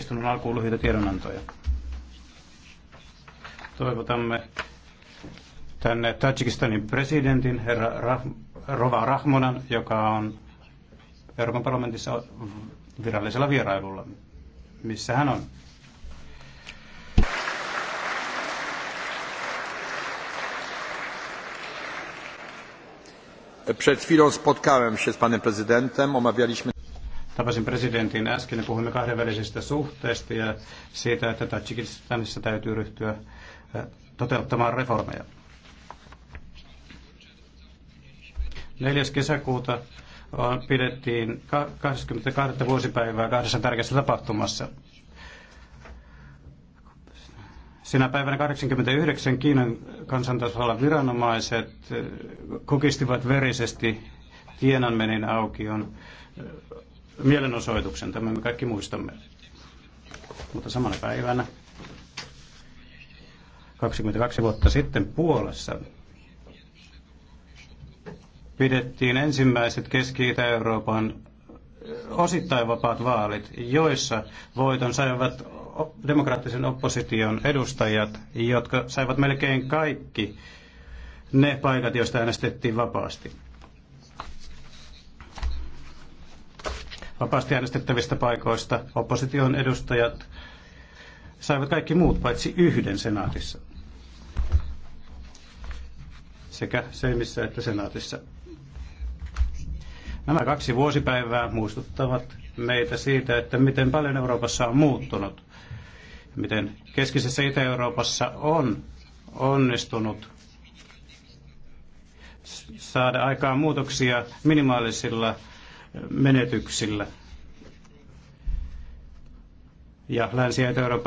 Istunnon alkuun lyhyitä tiedonantoja. Toivotamme tänne Tajikistanin presidentin, herra Rah- Rova Rahmonan, joka on Euroopan parlamentissa virallisella vierailulla. Missä hän on? Przed chwilą spotkałem się z panem prezydentem, omawialiśmy... Tapasin presidentin äsken ja puhuimme kahdenvälisistä suhteista ja siitä, että Tajikistanissa täytyy ryhtyä toteuttamaan reformeja. 4. kesäkuuta pidettiin 22. vuosipäivää kahdessa tärkeässä tapahtumassa. Sinä päivänä 89 Kiinan kansantasolla viranomaiset kukistivat verisesti Tienanmenin aukion mielenosoituksen, tämän me kaikki muistamme. Mutta samana päivänä 22 vuotta sitten Puolassa pidettiin ensimmäiset Keski-Itä-Euroopan osittain vapaat vaalit, joissa voiton saivat demokraattisen opposition edustajat, jotka saivat melkein kaikki ne paikat, joista äänestettiin vapaasti. vapaasti äänestettävistä paikoista opposition edustajat saivat kaikki muut paitsi yhden senaatissa. Sekä Seimissä että senaatissa. Nämä kaksi vuosipäivää muistuttavat meitä siitä, että miten paljon Euroopassa on muuttunut. Miten keskisessä Itä-Euroopassa on onnistunut saada aikaan muutoksia minimaalisilla menetyksillä. Ja Länsi- ja euroopan